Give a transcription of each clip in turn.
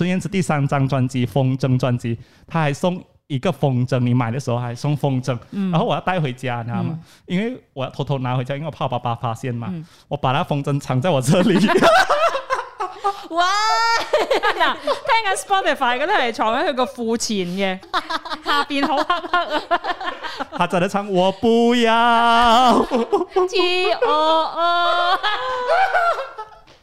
孫燕姿第三張專輯《風箏》專輯，他還送一個風箏，你買的時候還送風箏，嗯，然後我要帶回家，你知道嗎、嗯？因為我要偷偷拿回家，因為我怕我爸爸發現嘛。嗯、我把那風箏藏在我這裏。 哇！ 啊、聽他覺得 Spotify 都係藏喺佢個褲前嘅， 下邊好黑黑啊。 他真的唱我不要。 似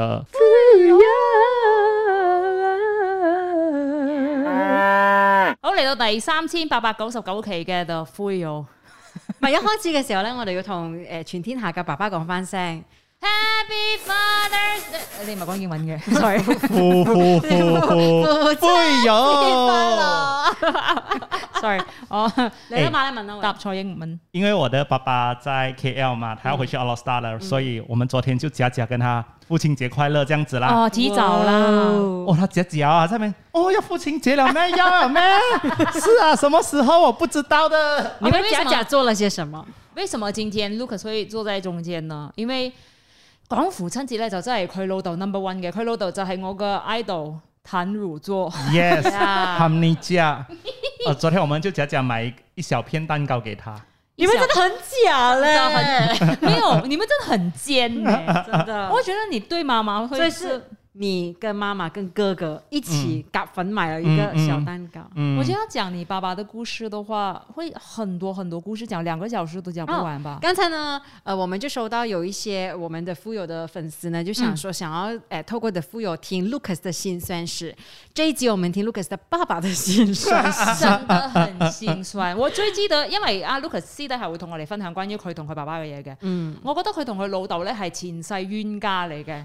好，嚟到第三千八百九十九期嘅《The Fuyoh》。唔係一開始嘅時候咧，我哋要同誒全天下嘅爸爸講返聲。Happy Father 你哋唔係講英文嘅，Sorry。呼呼呼呼呼，Sorry oh, 哎呦 Sorry 哦，你阿馬你問啊，答錯英文。因為我的爸爸在 KL 嘛，他要回去 Australia、嗯、所以我們昨天就佳佳跟他父親節快樂這樣子啦。哦，提早啦。哦，他佳佳啊，下面哦要父親節了咩？要咩？是啊，什麼時候我不知道的。你們佳佳做了些什麼？為什麼今天 Lucas 會坐在中間呢？因為講父親節咧就真係佢老豆 number one 嘅，佢老豆就係我嘅 idol 坦如座，yes，哈 尼你家，啊、 uh，昨天我們就假假買一小片蛋糕給他，你們真的很假咧，我 沒有，你們真的很奸、欸，真的， 我覺得你對媽媽會，所以是。你跟媽媽、跟哥哥一起夾粉買了一個小蛋糕，嗯嗯嗯。我覺得講你爸爸的故事的話，會很多很多故事講，兩個小時都講不完吧。哦、剛才呢，呃，我們就收到有一些我們的富有的粉絲呢，就想說想要誒、嗯呃，透過的富有，聽 Lucas 的辛酸史。這一集我們聽 Lucas 的爸爸的辛酸事， 真的很心酸。 我最記得，因為阿、啊、Lucas 私下會同我哋分享關於佢同佢爸爸嘅嘢嘅。嗯，我覺得佢同佢老豆咧係前世冤家嚟嘅。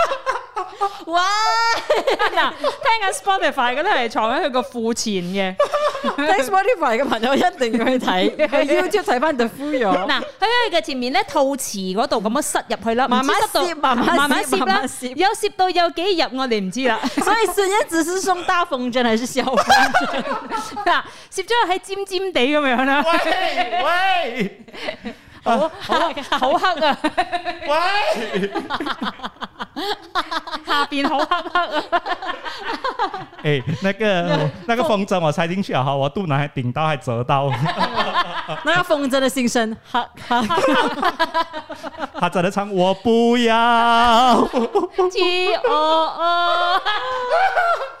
喂，嗱、哎，聽緊 Spotify 嗰啲係藏喺佢個庫前嘅 ，Spotify 嘅朋友一定要去睇，要超睇翻就枯咗。嗱，喺佢嘅前面咧，套池嗰度咁樣塞入去啦，慢慢攝，慢慢攝啦，有攝到有幾入我哋唔知啦。所以順一自私送大鳳爪還是小鳳爪嗱，攝咗喺尖尖地咁樣啦。喂喂！ 好好好黑啊！喂，下、哦、邊好黑黑啊！誒、啊，那個那，那個風箏我塞進去啊，我肚腩還頂到，還折到！哈哈那個風箏的心聲，黑黑，他在唱我不要，T O O。哦哦哦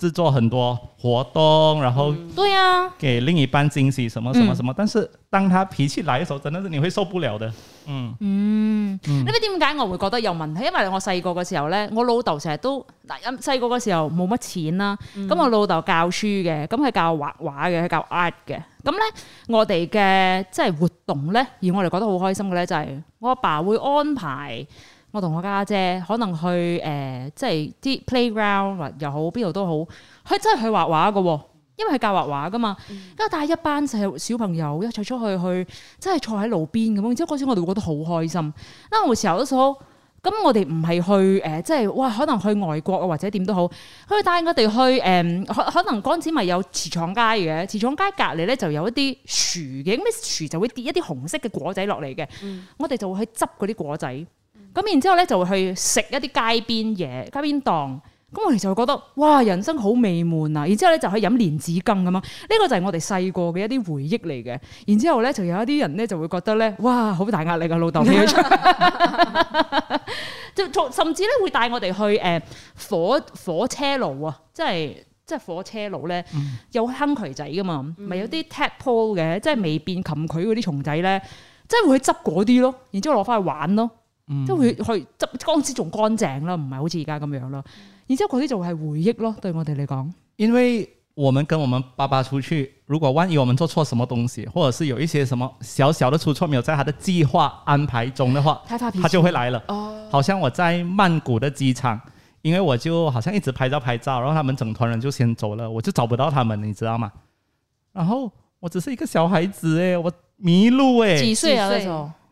製作很多活動，然後對啊，給另一半驚喜，什麼什麼什麼。嗯嗯嗯，但是當他脾氣來嘅時候，真的是你會受不了的。嗯嗯，嗯，你知唔知點解我會覺得有問題？因為我細個嘅時候呢，我老豆成日都，細個嘅時候冇乜錢啦。咁我老豆教書嘅，咁佢教畫畫嘅，佢教 art 嘅。咁呢，我哋嘅即係活動呢，而我哋覺得好開心嘅呢，就是，就係我阿爸，爸會安排。我同我家姐，姐可能去誒、呃，即係啲 playground 又好邊度都好，佢真係去畫畫嘅喎，因為佢教畫畫噶嘛。因咁、嗯、帶一班細小朋友一齊出去去，真係坐喺路邊咁樣。之後嗰時我哋會覺得好開心。因嗱，我嘅時候都所咁，我哋唔係去誒、呃，即係哇、呃，可能去外國啊，或者點都好。佢帶我哋去誒、呃，可可能嗰時咪有磁廠街嘅？磁廠街隔離咧就有一啲樹嘅，咁啲樹就會跌一啲紅色嘅果仔落嚟嘅。嗯、我哋就會去執嗰啲果仔。咁然之後咧就會去食一啲街邊嘢，街邊檔，咁我哋就會覺得哇，人生好美滿啊！然之後咧就可以飲蓮子羹咁樣，呢、這個就係我哋細個嘅一啲回憶嚟嘅。然之後咧就有一啲人咧就會覺得咧哇，好大壓力啊老豆，即 係 甚至咧會帶我哋去誒火火車路啊，即係即係火車路咧、嗯、有坑渠仔噶嘛，咪、嗯、有啲 tadpole 嘅，即係未變蠄蟝嗰啲蟲仔咧，即係會去執嗰啲咯，然之後攞翻去玩咯。嗯、就係會去執光子仲乾淨啦，唔係好似而家咁樣啦。然之後嗰啲就係回憶咯，對我哋嚟講。因為我們跟我們爸爸出去，如果萬一我們做錯什麼東西，或者是有一些什麼小小的出錯，沒有在他的計劃安排中的話，他發脾氣，他就會來了。哦，好像我在曼谷的機場，因為我就好像一直拍照拍照，然後他們整團人就先走了，我就找不到他們，你知道嗎？然後我只是一個小孩子誒，我迷路誒，幾歲啊？那時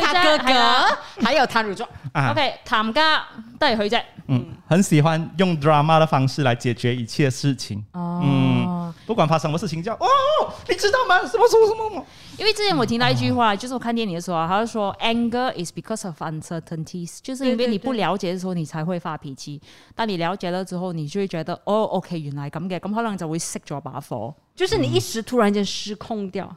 他哥哥，還有譚汝莊 O K. 譚家對回啫。嗯，很喜歡用 drama 的方式來解決一切事情。哦，嗯，不管發生什麼事情叫哦，你知道嗎？什麼什麼什麼因為之前我聽到一句話、嗯哦，就是我看電影的時候，他就：說 anger is because of uncertainties，就是因為你不了解的時候，對對對你才會發脾氣。當你了解了之後，你就會覺得哦，O、okay, K. 原來咁嘅，咁可能就會 sit y 就是你一時突然間失控掉。嗯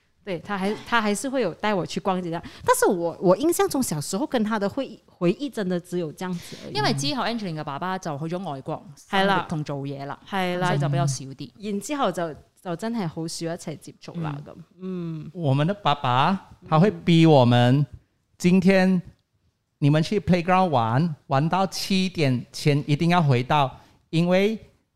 對他還，他還是會有帶我去逛一啲嘅，但是我我印象中小時候跟他的回憶回憶真的只有這樣子，嗯，因為之後 Angeline 嘅爸爸就去咗外國，係、嗯、啦，同做嘢啦，係、嗯、啦，就比較少啲。然之後就就真係好少一齊接觸啦咁、嗯。嗯，我們的爸爸他會逼我們，嗯，今天你們去 playground 玩，玩到七點前一定要回到，因為。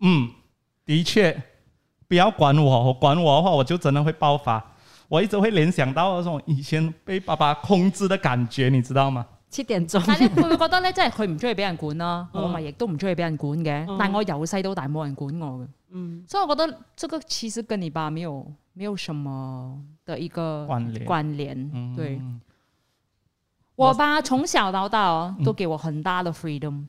嗯，的確，不要管我，我管我的話，我就真的會爆發。我一直會聯想到那種以前被爸爸控制的感覺，你知道嗎？七點鐘，但你會不會覺得呢？真係佢唔中意俾人管囉、嗯，我咪亦都唔中意俾人管嘅、嗯。但我由細到大冇人管我嘅，嗯，所以我覺得這個其實跟你爸沒有沒有什麼的一個關聯，關聯對、嗯。我爸從小到大都給我很大的 freedom。嗯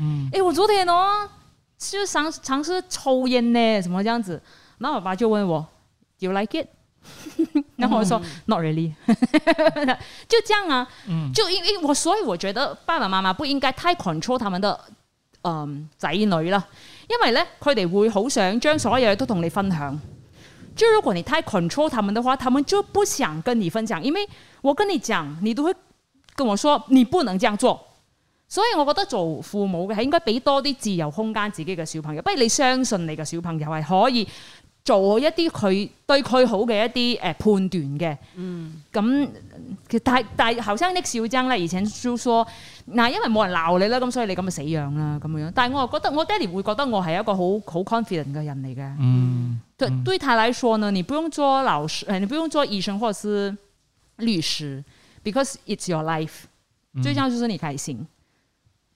嗯、誒，我昨天哦，就嘗嘗試抽煙呢，什麼這樣子，那我爸，爸就問我 Do you like it？ 然後我說：說、嗯、Not really。 就這樣啊，嗯、就因為我所以我覺得爸爸媽媽不應該太 control 他們的嗯仔、呃、女啦，因為呢，佢哋會好想將所有嘢都同你分享。就如果你太 control 他們的話，他們就不想跟你分享，因為我跟你講，你都會跟我說你不能這樣做。所以我覺得做父母嘅係應該俾多啲自由空間自己嘅小朋友，不如你相信你嘅小朋友係可以做一啲佢對佢好嘅一啲判斷嘅。嗯，咁但但係後生啲小爭咧，而且少嗱，因為冇人鬧你啦，咁所以你咁嘅死樣啦，咁樣。但我又覺得我爹哋會覺得我係一個好好 confident 嘅人嚟嘅。嗯，對，對太奶講呢，你不用做老師，你不用做醫生或者是律師 because it's your life。最重要你開心。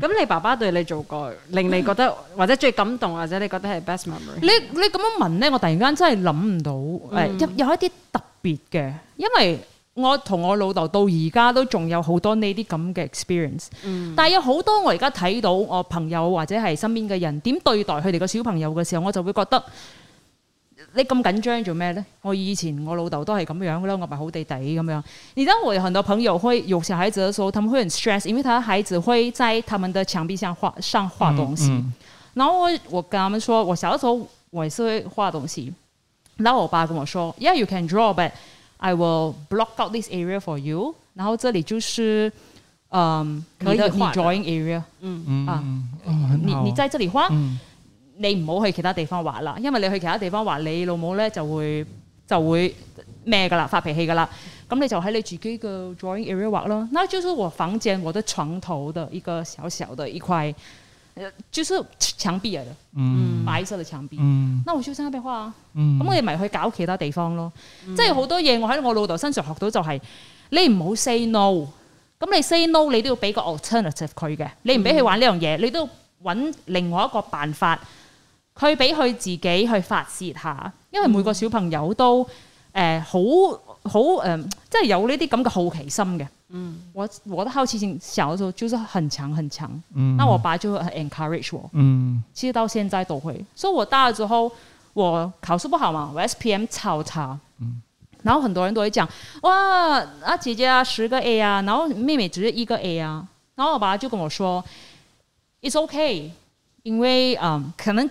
咁你爸爸對你做過令你覺得或者最感動，或者你覺得係 best memory？ 你你咁樣問咧，我突然間真係諗唔到，有有一啲特別嘅，因為我同我老豆到而家都仲有好多呢啲咁嘅 experience。 但有好多我而家睇到我朋友或者係身邊嘅人點對待佢哋個小朋友嘅時候，我就會覺得。你咁緊張做咩咧？我以前我老豆都係咁樣嘅啦，我咪好地地咁樣。你知道我有很多朋友會有小孩子嘅時候，他們會很 stress，因為他的孩子會在他們的牆壁上畫上畫東西、嗯嗯。然後我我跟他們說，我小時候我也是會畫東西。然後我爸跟我講，Yeah, you can draw, but I will block out this area for you。然後這裡就是，嗯，可以 drawing area 嗯、啊哦。嗯啊，你你在這裡畫。你唔好去其他地方畫啦，因為你去其他地方畫，你老母咧就會就會咩噶啦，發脾氣噶啦。咁你就喺你自己嘅 drawing area 畫咯。那就是我房正我嘅床頭嘅一個小小嘅一塊，呃，就是牆壁嚟嘅，嗯，白色嘅牆壁。嗯，那我小心一邊畫啊。嗯，咁我哋咪去搞其他地方咯。嗯、即係好多嘢，我喺我老豆身上學到就係、是，你唔好 say no。咁你 say no，你都要俾個 alternative 佢嘅。你唔俾佢玩呢樣嘢，你都要揾另外一個辦法。去俾佢自己去發泄下，因為每個小朋友都誒好好誒，即、嗯、係、呃呃就是、有呢啲咁嘅好奇心嘅。嗯，我我的好奇心小時候就是很強很強。嗯，那我爸就 encourage 我。嗯，其實到現在都會，所以我大咗之後，我考試不好嘛，我 S P M 超差。嗯，然後很多人都會講：哇，阿、啊、姐姐啊，十個 A 啊，然後妹妹只係一個 A 啊。然後我爸就跟我說：It's okay，因為嗯、呃、可能。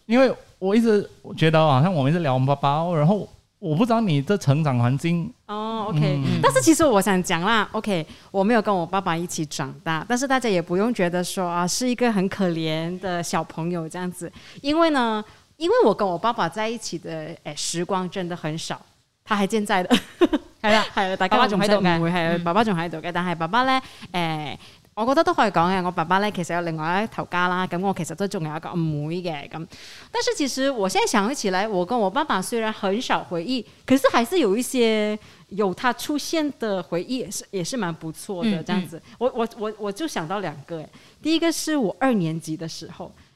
因為我一直覺得好像我們一直聊我們爸爸，然後我不知道你的成長環境哦，OK、嗯。但是其實我想講啦，OK，我沒有跟我爸爸一起長大，但是大家也不用覺得說啊是一個很可憐的小朋友這樣子，因為呢，因為我跟我爸爸在一起的誒時光真的很少，他還健在的，係啦係啦，爸爸仲喺度，唔會係爸爸仲喺度嘅，但係爸爸咧誒。我覺得都可以講嘅，我爸爸咧其實有另外一頭家啦，咁我其實都仲有一個阿妹嘅咁。但是其實我現在想起來，我跟我爸爸雖然很少回憶，可是還是有一些有他出現的回憶是，是也是蠻不錯的。嗯、這樣子，我我我我就想到兩個，第一個是我二年級的時候。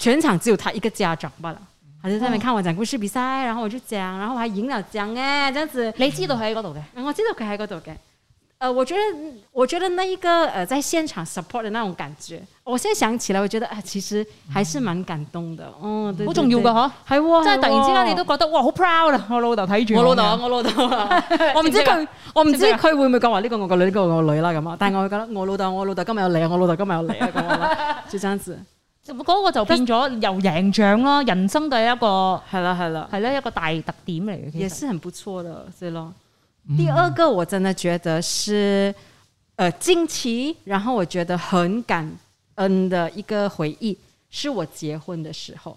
全場只有他一個家長吧啦，喺在上面看我講故事比賽，然後我就講，然後我贏咗獎誒，這樣子。你知道佢喺嗰度嘅，我知道佢喺嗰度嘅。誒、呃，我覺得，我覺得那一個，誒，在現場 support 的那種感覺，我現在想起來，我覺得，誒，其實還是蠻感動的。嗯、對對對的哦，好重要噶，嗬，係喎，即係突然之間你都覺得，哇、哦，好 proud 啊！我老豆睇住我老豆，我老豆， 我唔知佢，我唔知佢會唔會講話呢個我個女，呢、這個我個女啦咁啊。但係我覺得，我老豆，我老豆今日有你，我老豆今日有你啊咁啊，就這樣子。嗰、那個就變咗又贏獎啦，人生第一個係啦係啦，係啦一個大特點嚟嘅，其實係唔錯的，即咯、嗯。第二個我真的覺得是，誒，近期，然後我覺得很感恩的一個回憶，是我結婚的時候。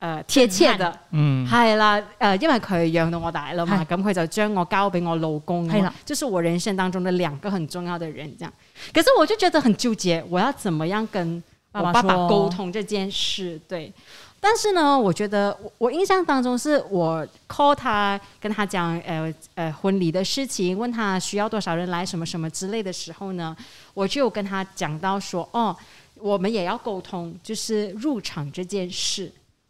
呃，貼切的，嗯，係啦，呃，因為佢養到我大了嘛，咁佢就將我交俾我老公，係啦，就是我人生當中的兩個很重要的人，咁樣。可是我就覺得很糾結，我要怎麼樣跟我爸爸溝通這件事？對，但是呢，我覺得我印象當中是我 call 他，跟他講，呃呃婚禮的事情，問他需要多少人來，什麼什麼之類的時候呢，我就跟他講到說，哦，我們也要溝通，就是入場這件事。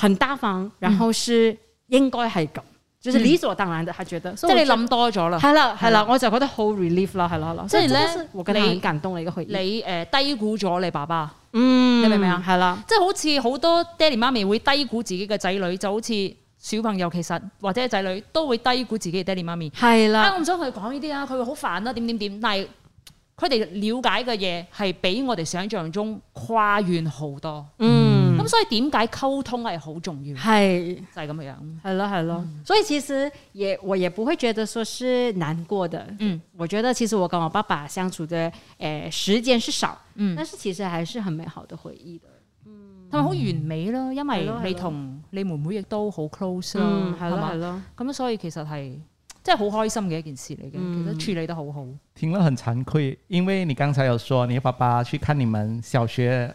很大方，然後是應該係咁，就是理所當然的，係覺得，嗯、即係你諗多咗啦。係啦，係啦，我就覺得好 relief 啦，係啦啦。所以咧，你感動你個佢，你誒、呃、低估咗你爸爸。嗯，你明唔明啊？係啦，即係好似好多爹哋媽咪會低估自己嘅仔女，就好似小朋友，其實或者仔女都會低估自己嘅爹哋媽咪。係啦，我唔想佢講呢啲啊，佢會好煩啦，點點點。但係佢哋了解嘅嘢係比我哋想象中跨遠好多。嗯。咁、嗯、所以點解溝通係好重要？係就係、是、咁樣，係咯係咯。所以其實也我也不會覺得說是難過的。嗯，我覺得其實我跟我爸爸相處的誒時間是少，嗯，但是其實還是很美好的回憶的。嗯，咁啊，我完美咯，因為你同你妹妹亦都好 close 咯、嗯，係咯係咯。咁所以其實係即係好開心嘅一件事嚟嘅、嗯。其實處理得好好，聽得，很慚愧，因為你剛才有說你爸爸去看你們小學。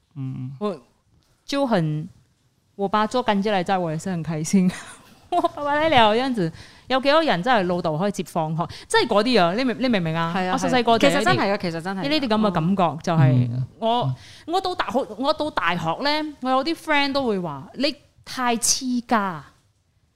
嗯，我招痕，我爸做緊之嚟接， 我也是人開先。我爸爸嚟接，咁樣子有幾多人真係老豆可以接放學，真係嗰啲啊，你明你明唔明啊？啊我細細個其實真係啊，其實真係呢啲咁嘅感覺就係我、嗯、我到大學我到大學咧，我有啲 friend 都會話你太黐家。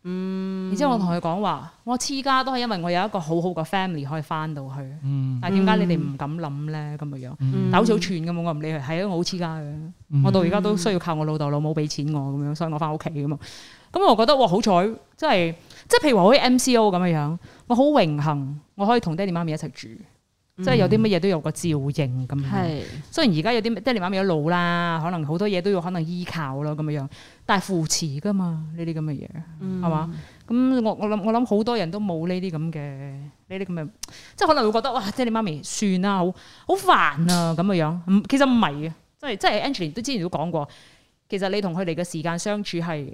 嗯，然之後我同佢講話，我黐家都係因為我有一個好好嘅 family 可以翻到去，嗯、但係點解你哋唔敢諗咧咁嘅樣？但好似好串咁，我唔理佢，係啊，我好黐家嘅，我，我、嗯、我到而家都需要靠我老豆老母俾錢我咁樣，所以我翻屋企噶嘛。咁我覺得哇好彩，真係即係譬如話好似 MCO 咁嘅樣，我好榮幸我可以同爹哋媽咪一齊住。即係有啲乜嘢都有個照應咁樣，嗯、雖然而家有啲爹哋媽咪老啦，可能好多嘢都要可能依靠咯咁樣樣，但係扶持噶嘛呢啲咁嘅嘢，係嘛？咁、嗯、我我諗我諗好多人都冇呢啲咁嘅呢啲咁嘅，即係可能會覺得哇，爹哋媽咪算啦，好好煩啊咁嘅樣。其實唔係嘅，即係即係 Angeline 都之前都講過，其實你同佢哋嘅時間相處係。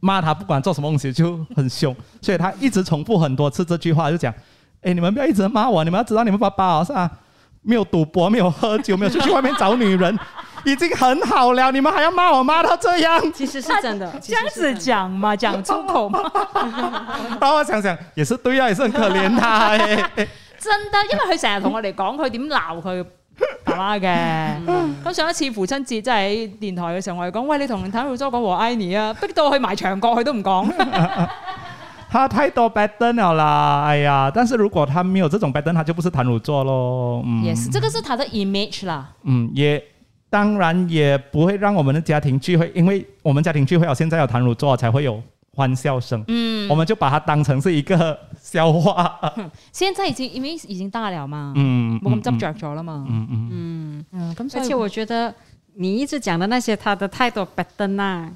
罵他不管做什麼東西就很凶，所以他一直重複很多次這句話就講，就講：“哎，你們不要一直罵我，你們要知道你們爸爸是啊，沒有賭博，沒有喝酒，沒有出去外面找女人， 已經很好了，你們還要罵我罵到這樣。”其實是真的，這樣子講嘛，講出口嗎？讓 我想想，也是對啊，也是很可憐他耶。真的，因為他成日同我哋講，佢點鬧佢。爸爸嘅，咁、 嗯嗯、上一次父親節，即係喺電台嘅時候，我哋講，喂，你同譚汝作講我愛你啊，逼到我去埋牆角，佢都唔講。 他太多 pattern 啦，哎呀，但是如果他沒有這種 pattern，他就不是譚汝作咯。Yes、嗯、這個是他的 image 啦。嗯，也當然也不會讓我們的家庭聚會，因為我們家庭聚會啊，現在有譚汝作才會有。歡笑聲，嗯，我們就把它當成是一個笑話，啊、現在已經因為已經大了嘛，嗯，我咁執着咗了嘛，嗯嗯嗯嗯，嗯，嗯，嗯，嗯，嗯。而且我覺得你一直講的那些他的太多 pattern 啊，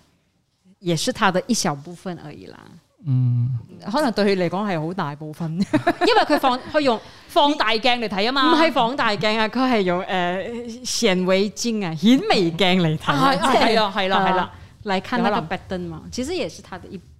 也是他的一小部分而已啦。嗯，可能對佢嚟講係好大部分， 因為佢放佢用放大鏡嚟睇啊嘛，唔係放大鏡啊，佢係用誒、呃啊、顯微鏡啊顯微鏡嚟睇啊，係咯係咯係咯，來看那個 pattern 嘛，其實也是他的一。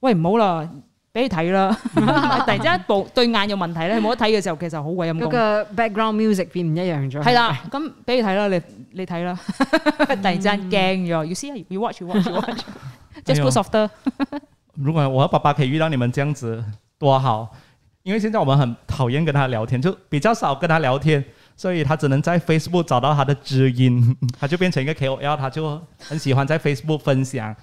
喂，唔好啦，俾你睇啦。 突然之間，部對眼有問題咧，冇得睇嘅時候， 其實好鬼陰公。嗰個 background music 變唔一樣咗。係啦，咁、哎、俾你睇啦，你你睇啦。 突然之間驚咗，you see，you watch，you watch，you watch, you watch, you watch、 哎呦。Just go softer。如果我和爸爸可以遇到你們這樣子，多好。因為現在我們很討厭跟他聊天，就比較少跟他聊天，所以他只能在 Facebook 找到他的知音。他就變成一個 KOL，他就很喜歡在 Facebook 分享。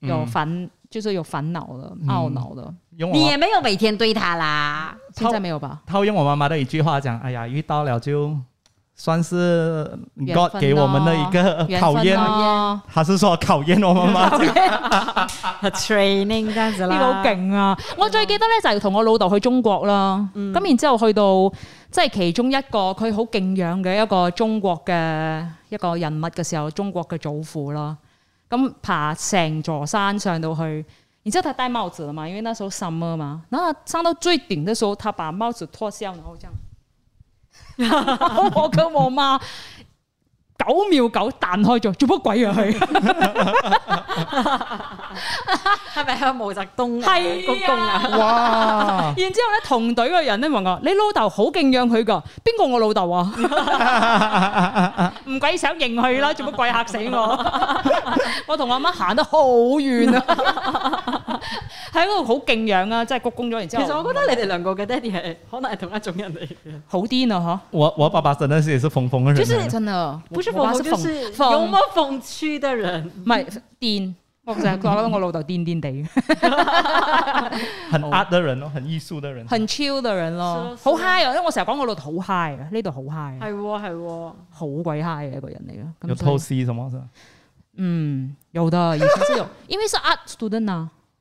有煩、嗯，就是有煩惱的、懊惱的、嗯，媽媽，你也沒有每天對他啦，現在沒有吧？他會用我媽媽的一句話講：哎呀，遇到了，就算是 God 給我們的一個考驗，還是說考驗我們媽嗎媽媽 ？A Training，呢、這個好勁啊！ 我最記得咧就係、是、同我老豆去中國啦，咁、嗯、然之後去到即係、就是、其中一個佢好敬仰嘅一個中國嘅一個人物嘅時候，中國嘅祖父咯。咁爬成座山上到去，你知道他戴帽子了嘛，因為那時候夏天嘛，然後上到最頂的時候，他把帽子脫下，然後咁， 我跟我媽。九秒九彈開咗，做乜鬼啊？佢係咪向毛澤東？係啊！哇、啊！ 然之後咧，同隊嘅人咧問我：， 你老豆好敬仰佢噶？邊個我老豆啊？唔 鬼想認佢啦！做乜鬼嚇死我？ 我同阿媽行得好遠啊！ 喺嗰度好敬仰啊！即、就、係、是、鞠躬咗，然之後其實我覺得你哋兩個嘅爹哋係可能係同一種人嚟嘅，好癲啊！嗬，我我爸爸陣時是也是瘋瘋嘅人，就是真係，有乜瘋趣的人，唔係癲，我成日佢話我老豆癲癲地，很 art 的人咯，很藝術的人， 很 chill 的人咯，好、啊啊、high，啊、因為我成日講我老豆好 high, high 啊，呢度好 high，係係好鬼 high 嘅一個人嚟嘅，有透析什麼嗯，有的以前有，因為是 art student 啊。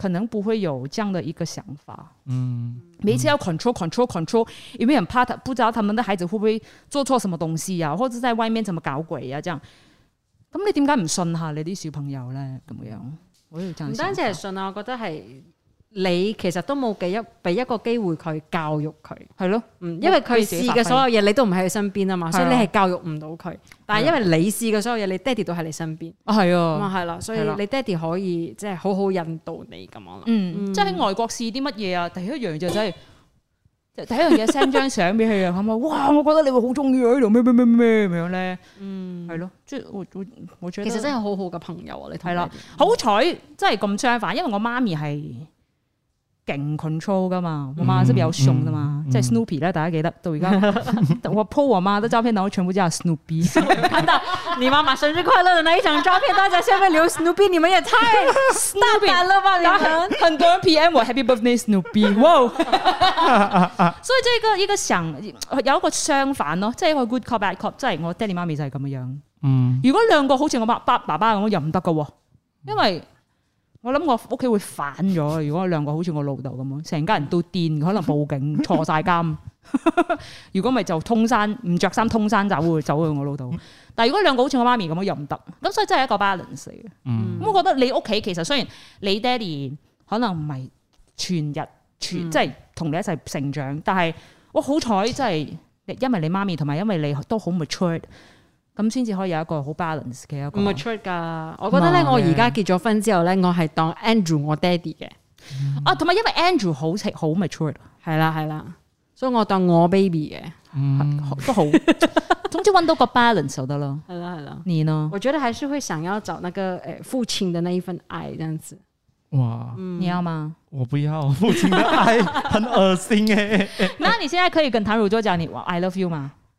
可能不會有這樣的一個想法，嗯，嗯每次要 control control control，因為很怕他，有有不知道他們的孩子會不會做錯什麼東西呀、啊，或者在外面怎麼搞鬼啊，這樣，咁你點解唔信下你啲小朋友咧？咁、嗯、樣我唔單止係信啊，我覺得係。你其實都冇俾一俾一個機會佢教育佢，係咯，因為佢試嘅所有嘢，你都唔喺佢身邊啊嘛，所以你係教育唔到佢。但係因為你試嘅所有嘢，你爹哋都喺你身邊，啊係啊，嘛係啦，所以你爹哋可以即係好好引導你咁樣即係喺外國試啲乜嘢啊？第一樣就真、係、係 第一樣嘢 send 張相俾佢啊，咁啊，哇！我覺得你會好中意啊，呢度咩咩咩咩咁樣咧。嗯，係咯，即係我覺得其實真係好好嘅朋友啊。你睇啦，嗯嗯、好彩真係咁相反，因為我媽咪係，勁 control 噶嘛，我媽是比較凶的嘛，嗯嗯、即係、嗯、Snoopy 咧，大家記得。到而家我， 我 po 我媽的照片，然後我全部叫 Snoopy，看 到 你媽媽生日快樂的那一張照片，大家下面留 Snoopy，你們也太大膽了吧，你 很多人 P M 我 Happy Birthday Snoopy， 所以即、這個、這個想有一個相反咯，即一個 good cop bad cop，即係我爹哋媽咪就係咁樣樣。嗯，如果兩個好似我爸爸爸爸咁又唔得噶，因為。我諗我屋企會反咗，如果兩個好似我老豆咁，成家人都癲，可能報警，坐晒監。 如果咪就通山，唔着衫，通山走，會走去我老豆。但係如果兩個好似我媽咪咁，又唔得。咁所以真係一個 balance 嚟嘅。咁、嗯、我覺得你屋企其實雖然你爹哋可能唔係全日全，全即係同你一齊成長，但係我好彩真係，因為你媽咪同埋因為你都好 mature 咁先至可以有一個好 balance 嘅一個。噶，我覺得咧，我而家結咗婚之後咧，我係當 Andrew 我爹哋嘅，啊，同埋因為 Andrew 好好 mature，係啦係啦，所以我當我 baby 嘅，嗯，都好，總之搵到個 balance 就得咯。係啦係啦，你呢？我覺得還是會想要找那個誒父親的那一份愛，這樣子。哇，你要嗎？我不要父親嘅愛很很惡心誒。那你現在可以跟唐汝洲講你哇 I love you 嘛？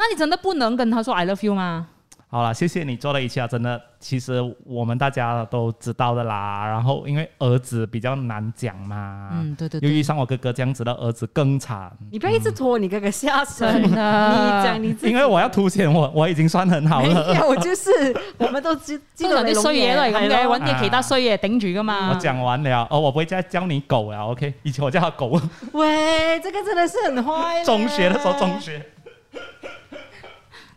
那你真的不能跟他說 I love you 嗎？好啦，謝謝你做了一下、啊，真的，其實我們大家都知道的啦。然後因為兒子比較難講嘛，嗯，對對，對。又遇上我哥哥這樣子的兒子更慘。你不要一直拖你哥哥下水啊、嗯！你講你自己，因為我要凸顯我我已經算很好了。沒有，就是我們都基基本上的衰嘢都係咁嘅，揾啲其他衰嘢頂住噶嘛。我講完了，哦，我不會再叫你狗了。OK？以前我叫他狗。喂，這個真的是很壞。中學的時候，中學。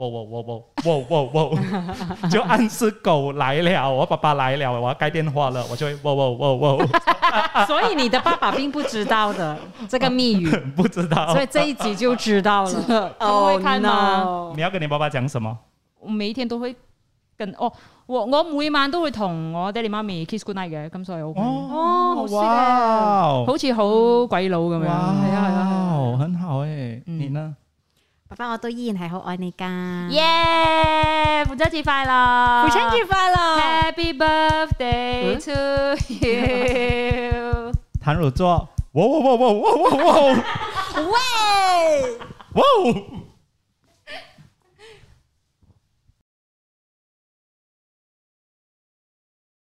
哇哇哇哇哇哇哇哇 就暗示狗來了，我爸爸來了，我要接電話了，我就會哇，哇，哇，哇 所以你的爸爸並不知道的這個密語、啊，不知道。 所以這一集就知道了，他會看嗎、 oh, no、你要跟你爸爸講什麼？每一天都會跟哦，我我每晚都會同我爹地媽咪 kiss good night 嘅，咁所以哦、OK oh, oh, 好、啊、哇，好似好鬼佬咁樣，係啊係啊，很好誒、欸嗯，你呢？ 爸爸我都依然係好愛你㗎，耶！父親節快樂，父親節快樂，Happy Birthday、嗯、to you，唐汝作。